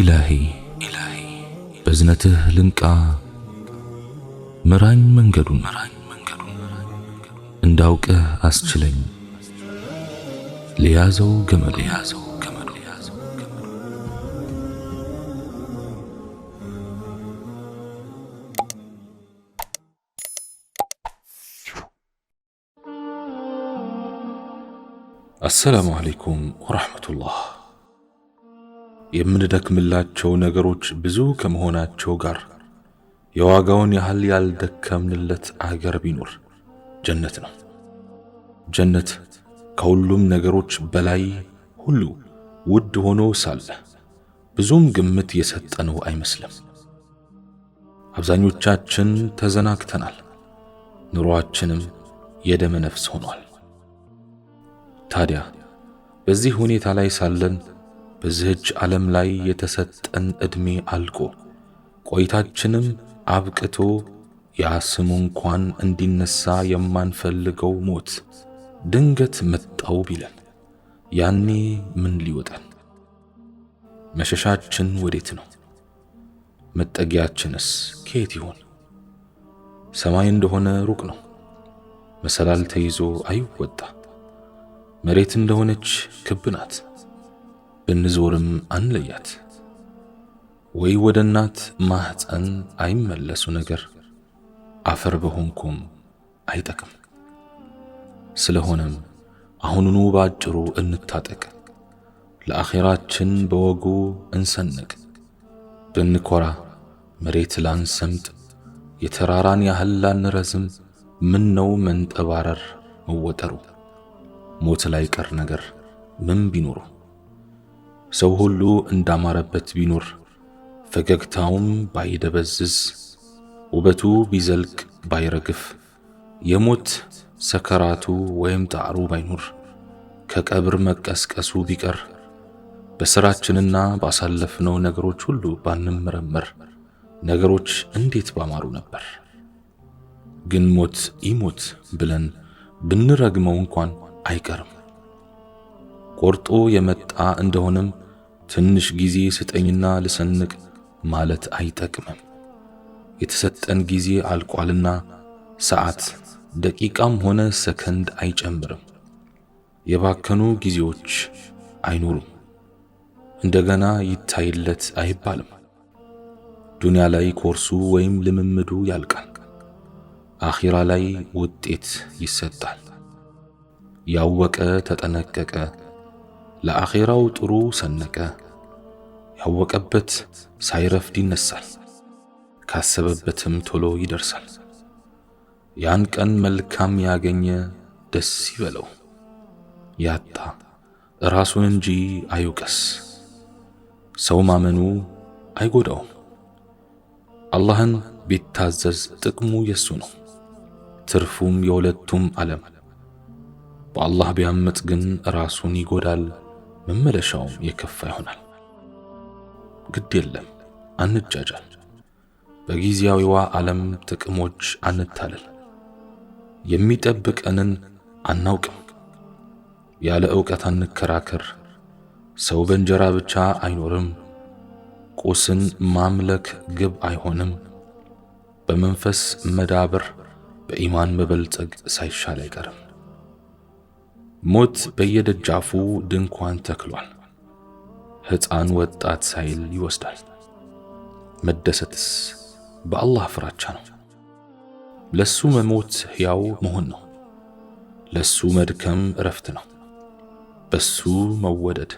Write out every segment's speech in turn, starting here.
ኢላሂ ኢላሂ በዝነትህ ልንቃ ምራኝ መንገዱን እንዳውቅህ አስችለኝ ለያዘው ገመድ ያዘው ገመድ ያዘው ገመድ አሰላሙ አለይኩም ወራህመቱላህ የምንደክምላቸው ነገሮች ብዙ ከመሆናቸው ጋር የዋጋውን ያህል ያልደከምንለት አገር ቢኖር ጀነት ነው። ጀነት ከሁሉም ነገሮች በላይ ሁሉ ውድ ሆኖ ሳለ ብዙም ግምት የሰጠነው አይመስልም። አብዛኞቻችን ተዘናግተናል። ኑሮአችንም የደመ ነፍስ ሆኗል። ታዲያ በዚህ ሁኔታ ላይ ሳለን በዚህች ዓለም ላይ የተሰጠን ዕድሜ አልቆ ቆይታችንም አብቅቶ ያ ስሙ እንኳን እንዲነሳ የማንፈልገው ሞት ድንገት መጣው ቢለን ያኔ ምን ሊወጣን? መሸሻችን ወዴት ነው? መጠጊያችንስ ከየት ይሆን? ሰማይ እንደሆነ ሩቅ ነው፣ መሰላል ተይዞ አይወጣ። መሬት እንደሆነች ክብ ናት ብንዞርም አንለያት። ወይ ወደ እናት ማህፀን አይመለሱ ነገር አፈር በሆንኩም አይጠቅም። ስለሆነም አሁኑኑ ባጭሩ እንታጠቅ፣ ለአኼራችን በወጉ እንሰንቅ። ብንኮራ መሬት ላንሰምጥ፣ የተራራን ያህል ላንረዝም። ምን ነው መንጠባረር መወጠሩ ሞት ላይ ቀር ነገር ምን ቢኖረው ሰው ሁሉ እንዳማረበት ቢኖር ፈገግታውም ባይደበዝዝ ውበቱ ቢዘልቅ ባይረግፍ የሞት ሰከራቱ ወይም ጣዕሩ ባይኖር ከቀብር መቀስቀሱ ቢቀር በስራችንና ባሳለፍነው ነገሮች ሁሉ ባንመረመር ነገሮች እንዴት ባማሩ ነበር። ግን ሞት ይሞት ብለን ብንረግመው እንኳን አይቀርም። ቆርጦ የመጣ እንደሆነም ትንሽ ጊዜ ስጠኝና ልሰንቅ ማለት አይጠቅምም። የተሰጠን ጊዜ አልቋልና ሰዓት ደቂቃም ሆነ ሰከንድ አይጨምርም። የባከኑ ጊዜዎች አይኖሩም። እንደገና ይታይለት አይባልም። ዱንያ ላይ ኮርሱ ወይም ልምምዱ ያልቃል። አኺራ ላይ ውጤት ይሰጣል። ያወቀ ተጠነቀቀ ለአኼራው ጥሩ ሰነቀ። ያወቀበት ሳይረፍድ ይነሳል፣ ካሰበበትም ቶሎ ይደርሳል። ያን ቀን መልካም ያገኘ ደስ ይበለው፣ ያጣ ራሱን እንጂ አይውቀስ። ሰው ማመኑ አይጎዳውም። አላህን ቢታዘዝ ጥቅሙ የሱ ነው፣ ትርፉም የሁለቱም ዓለም። በአላህ ቢያምጥ ግን ራሱን ይጎዳል። መመለሻውም የከፋ ይሆናል። ግድ የለም አንጃጃል። በጊዜያዊዋ ዓለም ጥቅሞች አንታለል። የሚጠብቀንን አናውቅም። ያለ ዕውቀት አንከራከር። ሰው በእንጀራ ብቻ አይኖርም። ቁስን ማምለክ ግብ አይሆንም። በመንፈስ መዳብር በኢማን መበልጸግ ሳይሻል አይቀርም። ሞት በየደጃፉ ድንኳን ተክሏል። ሕፃን ወጣት ሳይል ይወስዳል። መደሰትስ በአላህ ፍራቻ ነው። ለሱ መሞት ሕያው መሆን ነው። ለሱ መድከም እረፍት ነው። በሱ መወደድ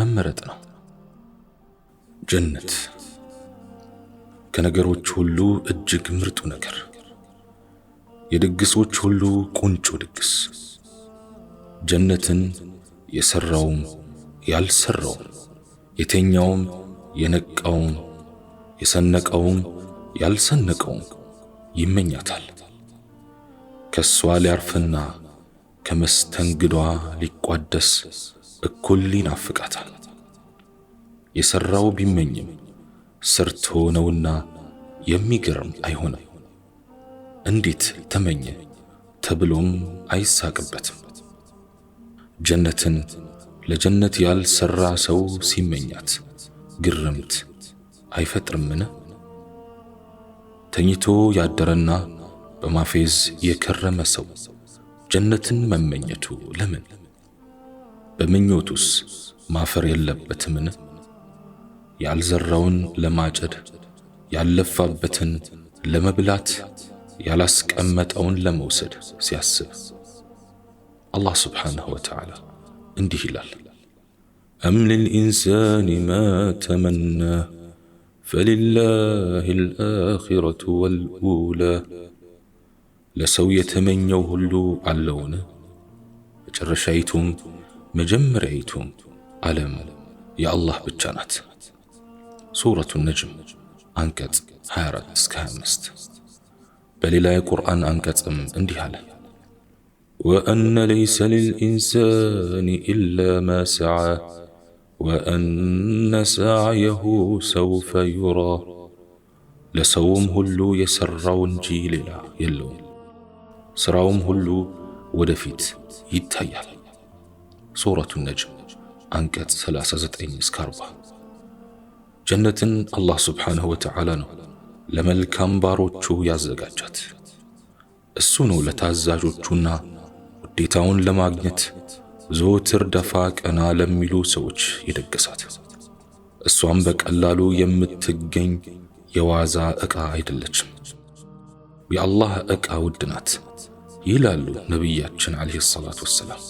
መመረጥ ነው። ጀነት ከነገሮች ሁሉ እጅግ ምርጡ ነገር፣ የድግሶች ሁሉ ቁንጮ ድግስ ጀነትን የሰራውም ያልሰራውም የተኛውም የነቃውም የሰነቀውም ያልሰነቀውም ይመኛታል። ከሷ ሊያርፍና ከመስተንግዷ ሊቋደስ እኩል ይናፍቃታል። የሰራው ቢመኝም ሰርቶ ነውና የሚገርም አይሆንም። እንዴት ተመኘ ተብሎም አይሳቅበትም። ጀነትን ለጀነት ያልሰራ ሰው ሲመኛት ግርምት አይፈጥርምን? ተኝቶ ያደረና በማፌዝ የከረመ ሰው ጀነትን መመኘቱ ለምን? በምኞቱስ ማፈር የለበትምን? ያልዘራውን ለማጨድ ያልለፋበትን ለመብላት ያላስቀመጠውን ለመውሰድ ሲያስብ አላህ ስብሓንሁ ወተዓላ እንዲህ ይላል፣ አም ሊልኢንሳኒ ማ ተመና ፈሊላህ ልአኺረቱ ወልኡላ። ለሰው የተመኘው ሁሉ አለውን? መጨረሻይቱም መጀመሪያይቱም ዓለም የአላህ ብቻ ናት። ሱረቱ ነጅም አንቀጽ 24 እስከ 25። በሌላ የቁርአን አንቀጽም እንዲህ አለ وان ليس للانسان الا ما سعى وان سعيه سوف يرى لسوم هلو يسرون جيلنا يلون سراوم هلو ودفيت يتهيال صورة النجم أنكت ثلاثة زتين سكاربا جنة الله سبحانه وتعالى نو لمل كامبارو تشو يازقاجات السنو لتازاجو تشونا ጌታውን ለማግኘት ዘወትር ደፋ ቀና ለሚሉ ሰዎች የደገሳት እሷም በቀላሉ የምትገኝ የዋዛ ዕቃ አይደለችም። የአላህ ዕቃ ውድ ናት ይላሉ ነቢያችን ዓለይሂ ሰላቱ ወሰላም።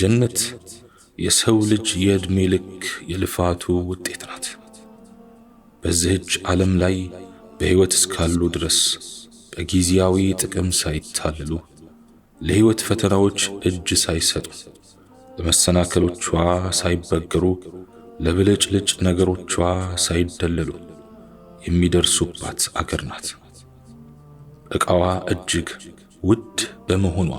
ጀነት የሰው ልጅ የዕድሜ ልክ የልፋቱ ውጤት ናት። በዚህች ዓለም ላይ በሕይወት እስካሉ ድረስ በጊዜያዊ ጥቅም ሳይታለሉ ለሕይወት ፈተናዎች እጅ ሳይሰጡ ለመሰናከሎቿ ሳይበገሩ ለብልጭልጭ ነገሮቿ ሳይደለሉ የሚደርሱባት አገር ናት። ዕቃዋ እጅግ ውድ በመሆኗ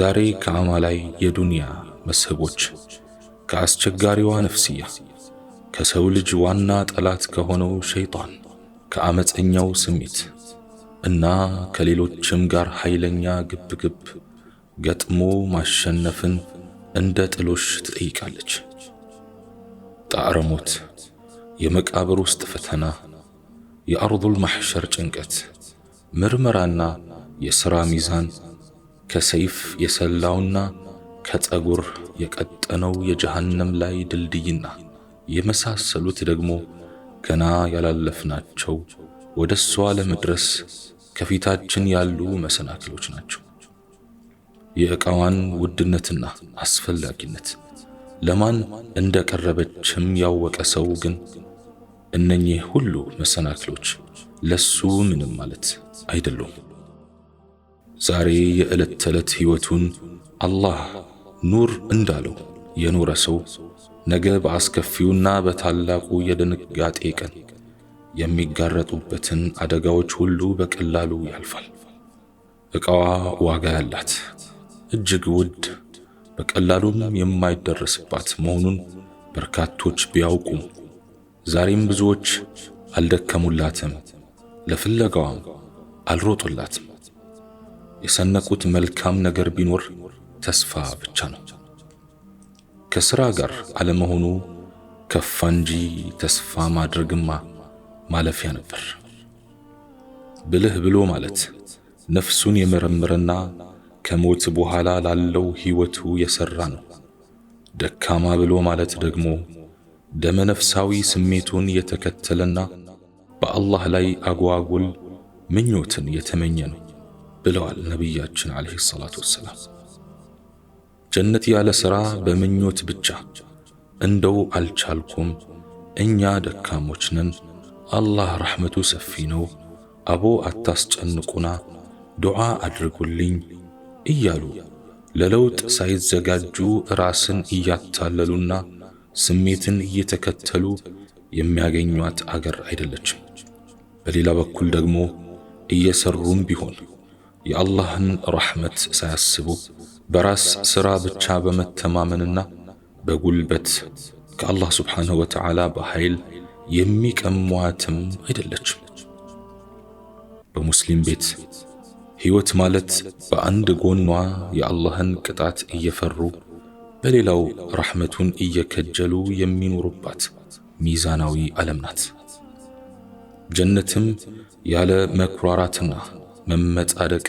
ዛሬ ከአማ ላይ የዱንያ መስህቦች ከአስቸጋሪዋ ነፍስያ ከሰው ልጅ ዋና ጠላት ከሆነው ሸይጣን ከአመፀኛው ስሜት እና ከሌሎችም ጋር ኃይለኛ ግብግብ ገጥሞ ማሸነፍን እንደ ጥሎሽ ትጠይቃለች። ጣዕረሞት፣ የመቃብር ውስጥ ፈተና፣ የአርዱል ማሕሸር ጭንቀት፣ ምርመራና የሥራ ሚዛን፣ ከሰይፍ የሰላውና ከፀጉር የቀጠነው የጀሃነም ላይ ድልድይና የመሳሰሉት ደግሞ ገና ያላለፍናቸው ወደ እሷ ለመድረስ ከፊታችን ያሉ መሰናክሎች ናቸው። የእቃዋን ውድነትና አስፈላጊነት ለማን እንደቀረበችም ያወቀ ሰው ግን እነኚህ ሁሉ መሰናክሎች ለሱ ምንም ማለት አይደሉም። ዛሬ የዕለት ተዕለት ሕይወቱን አላህ ኑር እንዳለው የኖረ ሰው ነገ በአስከፊውና በታላቁ የድንጋጤ ቀን የሚጋረጡበትን አደጋዎች ሁሉ በቀላሉ ያልፋል። እቃዋ ዋጋ ያላት እጅግ ውድ በቀላሉም የማይደረስባት መሆኑን በርካቶች ቢያውቁም ዛሬም ብዙዎች አልደከሙላትም፣ ለፍለጋዋም አልሮጡላትም። የሰነቁት መልካም ነገር ቢኖር ተስፋ ብቻ ነው። ከሥራ ጋር አለመሆኑ ከፋ እንጂ ተስፋ ማድረግማ ማለፊያ ነበር። ብልህ ብሎ ማለት ነፍሱን የመረመረና ከሞት በኋላ ላለው ሕይወቱ የሰራ ነው። ደካማ ብሎ ማለት ደግሞ ደመነፍሳዊ ስሜቱን የተከተለና በአላህ ላይ አጓጉል ምኞትን የተመኘ ነው ብለዋል ነቢያችን ዓለይሂ ሰላቱ ወሰላም። ጀነት ያለ ሥራ በምኞት ብቻ እንደው አልቻልኩም፣ እኛ ደካሞች ነን አላህ ረሕመቱ ሰፊ ነው፣ አቦ አታስጨንቁና ዱዓ አድርጉልኝ እያሉ ለለውጥ ሳይዘጋጁ ራስን እያታለሉና ስሜትን እየተከተሉ የሚያገኟት አገር አይደለችም። በሌላ በኩል ደግሞ እየሰሩም ቢሆን የአላህን ረሕመት ሳያስቡ በራስ ሥራ ብቻ በመተማመንና በጉልበት ከአላህ ስብሓንሁ ወተዓላ በኃይል የሚቀሟትም አይደለችም። በሙስሊም ቤት ሕይወት ማለት በአንድ ጎኗ የአላህን ቅጣት እየፈሩ በሌላው ረሕመቱን እየከጀሉ የሚኖሩባት ሚዛናዊ ዓለም ናት። ጀነትም ያለ መኩራራትና መመጻደቅ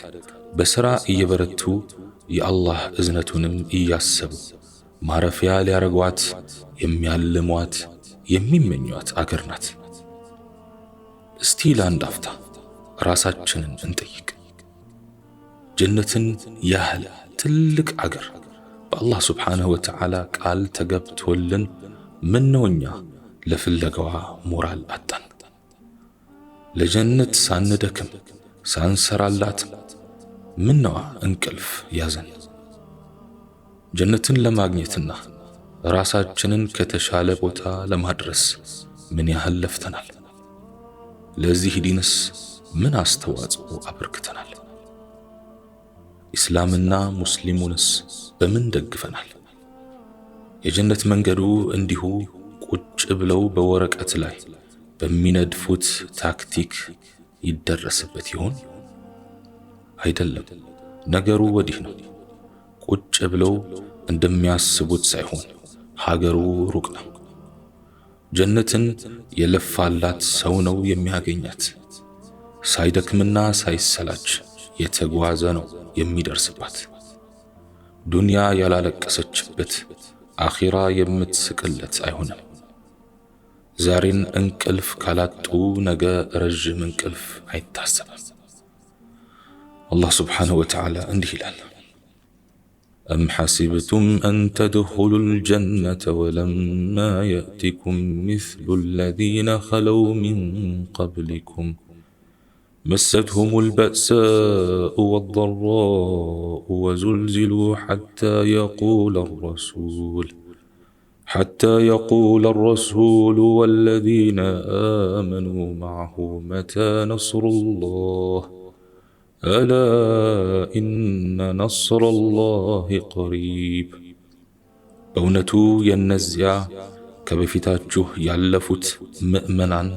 በሥራ እየበረቱ የአላህ እዝነቱንም እያሰቡ ማረፊያ ሊያረጓት የሚያልሟት የሚመኟት አገር ናት። እስቲ ለአንድ አፍታ ራሳችንን እንጠይቅ። ጀነትን ያህል ትልቅ አገር በአላህ ስብሓንሁ ወተዓላ ቃል ተገብቶልን ምነው እኛ ለፍለጋዋ ሞራል አጣን? ለጀነት ሳንደክም ሳንሰራላት ምነዋ እንቅልፍ ያዘን? ጀነትን ለማግኘትና ራሳችንን ከተሻለ ቦታ ለማድረስ ምን ያህል ለፍተናል? ለዚህ ዲንስ ምን አስተዋጽኦ አበርክተናል? ኢስላምና ሙስሊሙንስ በምን ደግፈናል? የጀነት መንገዱ እንዲሁ ቁጭ ብለው በወረቀት ላይ በሚነድፉት ታክቲክ ይደረስበት ይሆን? አይደለም። ነገሩ ወዲህ ነው። ቁጭ ብለው እንደሚያስቡት ሳይሆን ሀገሩ ሩቅ ነው። ጀነትን የለፋላት ሰው ነው የሚያገኛት። ሳይደክምና ሳይሰላች የተጓዘ ነው የሚደርስባት። ዱንያ ያላለቀሰችበት አኺራ የምትስቅለት አይሆንም። ዛሬን እንቅልፍ ካላጡ ነገ ረዥም እንቅልፍ አይታሰብም። አላህ ስብሓንሁ ወተዓላ እንዲህ ይላል أم حسبتم أن تدخلوا الجنة ولما يأتكم مثل الذين خلوا من قبلكم مستهم البأساء والضراء وزلزلوا حتى يقول الرسول حتى يقول الرسول والذين آمنوا معه متى نصر الله ؟ አላ ኢነ ነስረላሂ ቀሪብ። በእውነቱ የእነዚያ ከበፊታችሁ ያለፉት ምዕመናን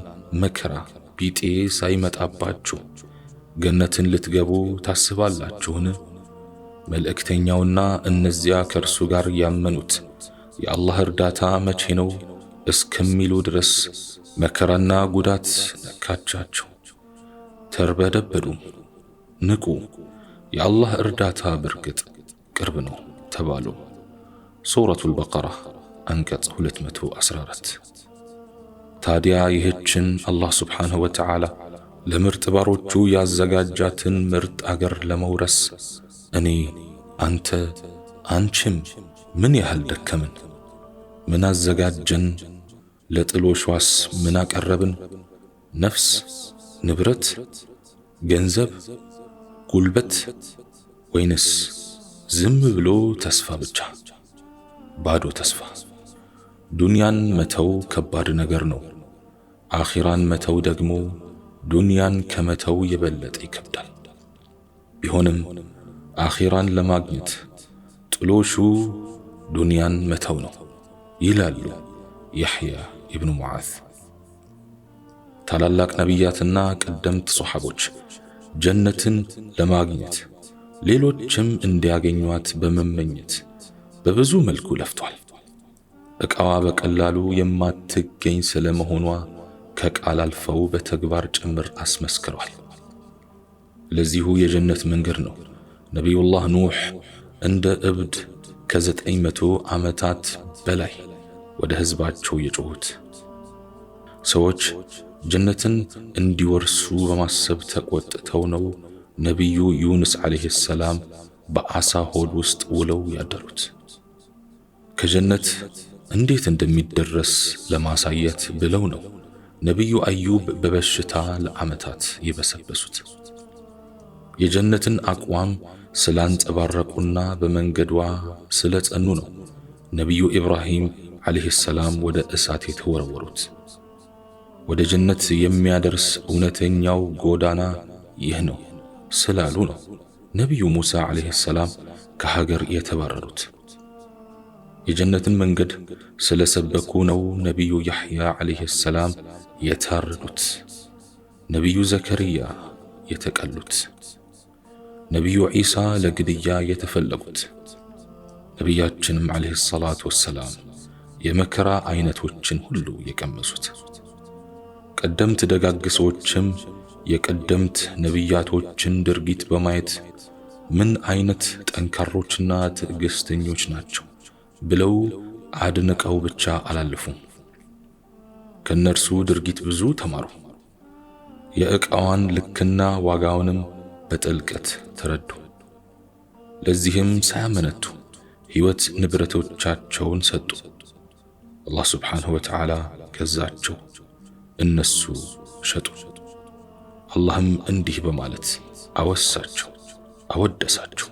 መከራ ቢጤ ሳይመጣባችሁ ገነትን ልትገቡ ታስባላችሁን? መልእክተኛውና እነዚያ ከእርሱ ጋር ያመኑት የአላህ እርዳታ መቼ ነው እስከሚሉ ድረስ መከራና ጉዳት ነካቻቸው፣ ተርበደበዱ። ንቁ! የአላህ እርዳታ በርግጥ ቅርብ ነው ተባሉ። ሱረቱል በቀራ አንቀጽ 214። ታዲያ ይህችን አላህ ሱብሓነሁ ወተዓላ ለምርጥ ባሮቹ ያዘጋጃትን ምርጥ አገር ለመውረስ እኔ፣ አንተ፣ አንቺም ምን ያህል ደከምን? ምን አዘጋጀን? ለጥሎሿስ ምን አቀረብን? ነፍስ፣ ንብረት፣ ገንዘብ ጉልበት ወይንስ ዝም ብሎ ተስፋ ብቻ? ባዶ ተስፋ። ዱንያን መተው ከባድ ነገር ነው። አኺራን መተው ደግሞ ዱንያን ከመተው የበለጠ ይከብዳል። ቢሆንም አኺራን ለማግኘት ጥሎሹ ዱንያን መተው ነው ይላሉ ያሕያ ኢብኑ ሙዓዝ። ታላላቅ ነቢያትና ቀደምት ሶሓቦች ጀነትን ለማግኘት ሌሎችም እንዲያገኟት በመመኘት በብዙ መልኩ ለፍቷል። እቃዋ በቀላሉ የማትገኝ ስለመሆኗ ከቃል አልፈው በተግባር ጭምር አስመስክሯል። ለዚሁ የጀነት መንገድ ነው ነቢዩላህ ኑህ እንደ እብድ ከዘጠኝ መቶ ዓመታት በላይ ወደ ሕዝባቸው የጮኹት ሰዎች ጀነትን እንዲወርሱ በማሰብ ተቆጥተው ነው ነቢዩ ዩንስ ዓለይሂ ሰላም በዓሣ ሆድ ውስጥ ውለው ያደሩት። ከጀነት እንዴት እንደሚደረስ ለማሳየት ብለው ነው ነቢዩ አዩብ በበሽታ ለዓመታት የበሰበሱት። የጀነትን አቋም ስላንጸባረቁና በመንገዷ ስለጸኑ ነው ነቢዩ ኢብራሂም ዓለይሂ ሰላም ወደ እሳት የተወረወሩት። ወደ ጀነት የሚያደርስ እውነተኛው ጎዳና ይህ ነው ስላሉ ነው ነቢዩ ሙሳ ዓለይሂ ሰላም ከሀገር የተባረሩት። የጀነትን መንገድ ስለሰበኩ ነው ነቢዩ ያሕያ ዓለይሂ ሰላም የታረዱት፣ ነቢዩ ዘከርያ የተቀሉት፣ ነቢዩ ዒሳ ለግድያ የተፈለጉት፣ ነቢያችንም ዓለይሂ ሰላቱ ወሰላም የመከራ አይነቶችን ሁሉ የቀመሱት ቀደምት ደጋግ ሰዎችም የቀደምት ነቢያቶችን ድርጊት በማየት ምን አይነት ጠንካሮችና ትዕግስተኞች ናቸው ብለው አድንቀው ብቻ አላለፉም። ከነርሱ ድርጊት ብዙ ተማሩ። የእቃዋን ልክና ዋጋውንም በጥልቀት ተረዱ። ለዚህም ሳያመነቱ ሕይወት ንብረቶቻቸውን ሰጡ። አላህ ስብሓንሁ ወተዓላ ገዛቸው። እነሱ ሸጡ። አላህም እንዲህ በማለት አወሳቸው፣ አወደሳቸው።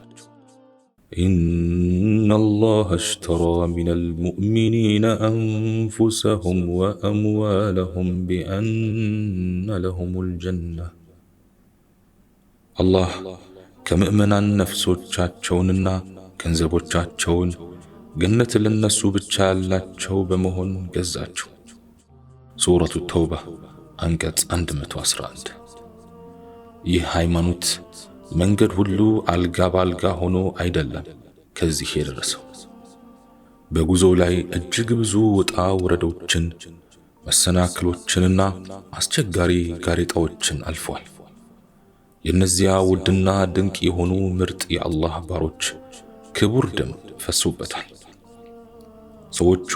إن الله اشترى من المؤمنين أنفسهم وأموالهم بأن لهم الجنة الله ከምእመናን ነፍሶቻቸውንና ገንዘቦቻቸውን ገነት ለነሱ ብቻ ያላቸው በመሆን ገዛቸው። ሱረቱ ተውባ አንቀጽ 111። ይህ ሃይማኖት መንገድ ሁሉ አልጋ ባልጋ ሆኖ አይደለም ከዚህ የደረሰው። በጉዞው ላይ እጅግ ብዙ ውጣ ወረዶችን፣ መሰናክሎችንና አስቸጋሪ ጋሬጣዎችን አልፏል። የእነዚያ ውድና ድንቅ የሆኑ ምርጥ የአላህ ባሮች ክቡር ደም ፈሶበታል። ሰዎቹ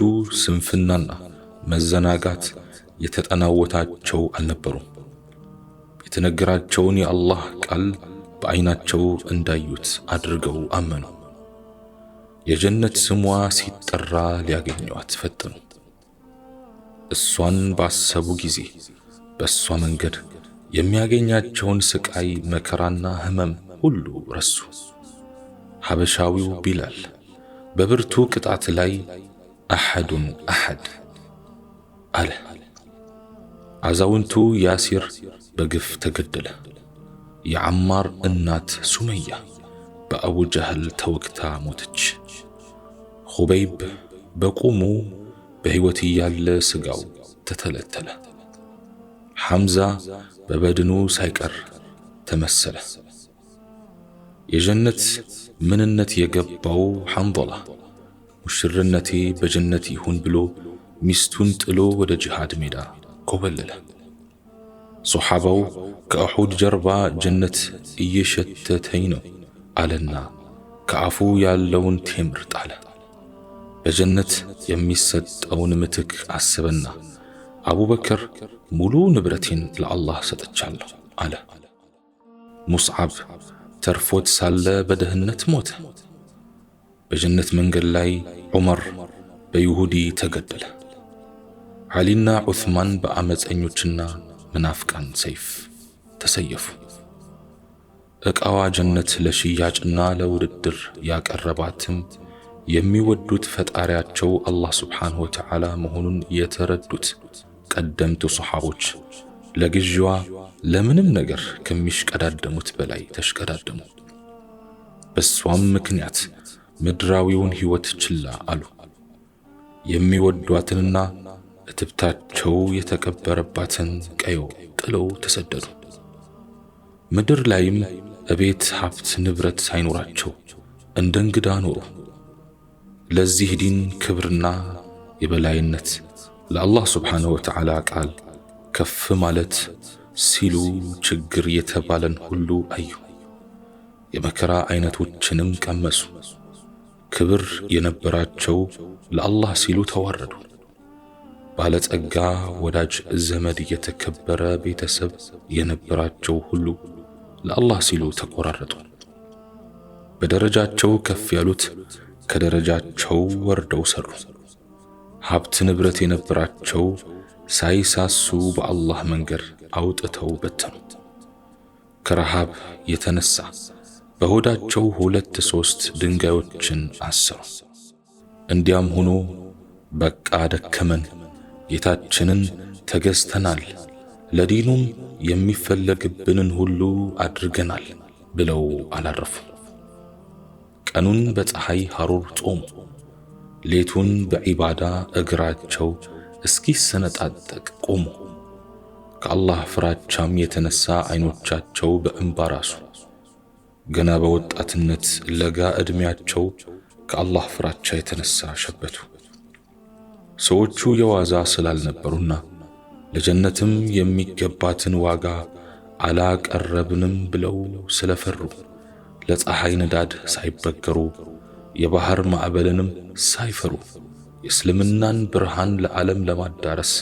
ስንፍናና መዘናጋት የተጠናወታቸው አልነበሩም። የተነገራቸውን የአላህ ቃል በዐይናቸው እንዳዩት አድርገው አመኑ። የጀነት ስሟ ሲጠራ ሊያገኟት ፈጠኑ። እሷን ባሰቡ ጊዜ በእሷ መንገድ የሚያገኛቸውን ሥቃይ፣ መከራና ህመም ሁሉ ረሱ። ሐበሻዊው ቢላል በብርቱ ቅጣት ላይ አሐዱን አሐድ አለ። አዛውንቱ ያሲር በግፍ ተገደለ። የአማር እናት ሱመያ በአቡ ጀህል ተወግታ ሞተች። ኹበይብ በቁሙ በሕይወት እያለ ሥጋው ተተለተለ። ሐምዛ በበድኑ ሳይቀር ተመሰለ። የጀነት ምንነት የገባው ሐንዶላ ሙሽርነቴ በጀነት ይሁን ብሎ ሚስቱን ጥሎ ወደ ጅሃድ ሜዳ ኮበለለ። ሶሓባው ከኡሑድ ጀርባ ጀነት እየሸተተኝ ነው አለና ከአፉ ያለውን ቴምር ጣለ። በጀነት የሚሰጠውን ምትክ አስበና አቡበክር ሙሉ ንብረቴን ለአላህ ሰጥቻለሁ አለ። ሙስዓብ ተርፎት ሳለ በደህንነት ሞተ። በጀነት መንገድ ላይ ዑመር በይሁዲ ተገደለ። ዓሊና ዑስማን በአመፀኞችና ምናፍቃን ሰይፍ ተሰየፉ። ዕቃዋ ጀነት ለሽያጭና ለውድድር ያቀረባትም የሚወዱት ፈጣሪያቸው አላህ ስብሓንሁ ወተዓላ መሆኑን የተረዱት ቀደምቱ ሰሓቦች ለግዢዋ ለምንም ነገር ከሚሽቀዳደሙት በላይ ተሽቀዳደሙ። በሷም ምክንያት ምድራዊውን ሕይወት ችላ አሉ። የሚወዷትንና እትብታቸው የተቀበረባትን ቀዮ ጥለው ተሰደዱ። ምድር ላይም እቤት፣ ሀብት፣ ንብረት ሳይኖራቸው እንደ እንግዳ ኖሩ። ለዚህ ዲን ክብርና የበላይነት ለአላህ ስብሓንሁ ወተዓላ ቃል ከፍ ማለት ሲሉ ችግር የተባለን ሁሉ አዩ። የመከራ አይነቶችንም ቀመሱ። ክብር የነበራቸው ለአላህ ሲሉ ተዋረዱ። ባለጸጋ ወዳጅ፣ ዘመድ፣ የተከበረ ቤተሰብ የነበራቸው ሁሉ ለአላህ ሲሉ ተቆራረጡ። በደረጃቸው ከፍ ያሉት ከደረጃቸው ወርደው ሰሩ። ሀብት ንብረት የነበራቸው ሳይሳሱ በአላህ መንገድ አውጥተው በተኑ። ከረሃብ የተነሳ በሆዳቸው ሁለት ሶስት ድንጋዮችን አሰሩ። እንዲያም ሆኖ በቃ ደከመን ጌታችንን ተገዝተናል፣ ለዲኑም የሚፈለግብንን ሁሉ አድርገናል ብለው አላረፉ። ቀኑን በፀሐይ ሐሩር ጾሙ፣ ሌቱን በዒባዳ እግራቸው እስኪሰነጣጠቅ ቆሙ። ከአላህ ፍራቻም የተነሳ ዐይኖቻቸው በእንባ ራሱ። ገና በወጣትነት ለጋ ዕድሜያቸው ከአላህ ፍራቻ የተነሳ ሸበቱ። ሰዎቹ የዋዛ ስላልነበሩና ለጀነትም የሚገባትን ዋጋ አላቀረብንም ብለው ስለፈሩ ለፀሐይ ንዳድ ሳይበገሩ የባህር ማዕበልንም ሳይፈሩ የእስልምናን ብርሃን ለዓለም ለማዳረስ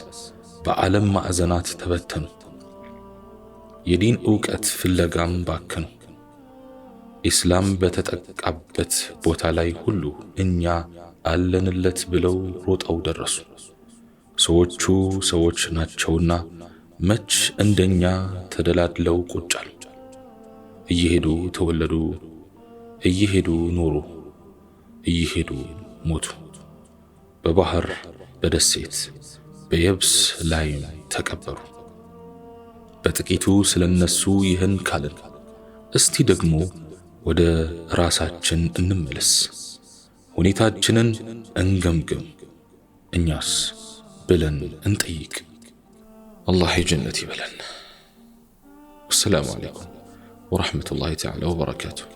በዓለም ማዕዘናት ተበተኑ። የዲን ዕውቀት ፍለጋም ባከኑ። ኢስላም በተጠቃበት ቦታ ላይ ሁሉ እኛ አለንለት ብለው ሮጠው ደረሱ። ሰዎቹ ሰዎች ናቸውና መች እንደኛ ተደላድለው ቁጫል። እየሄዱ ተወለዱ፣ እየሄዱ ኖሩ፣ እየሄዱ ሞቱ። በባህር በደሴት በየብስ ላይም ተቀበሩ። በጥቂቱ ስለነሱ ይህን ካልን እስቲ ደግሞ ወደ ራሳችን እንመለስ። ሁኔታችንን እንገምግም፣ እኛስ ብለን እንጠይቅ። አላህ የጀነት ይበለን። ወሰላሙ አለይኩም ወረሕመቱላሂ ተዓላ ወበረካቱሁ።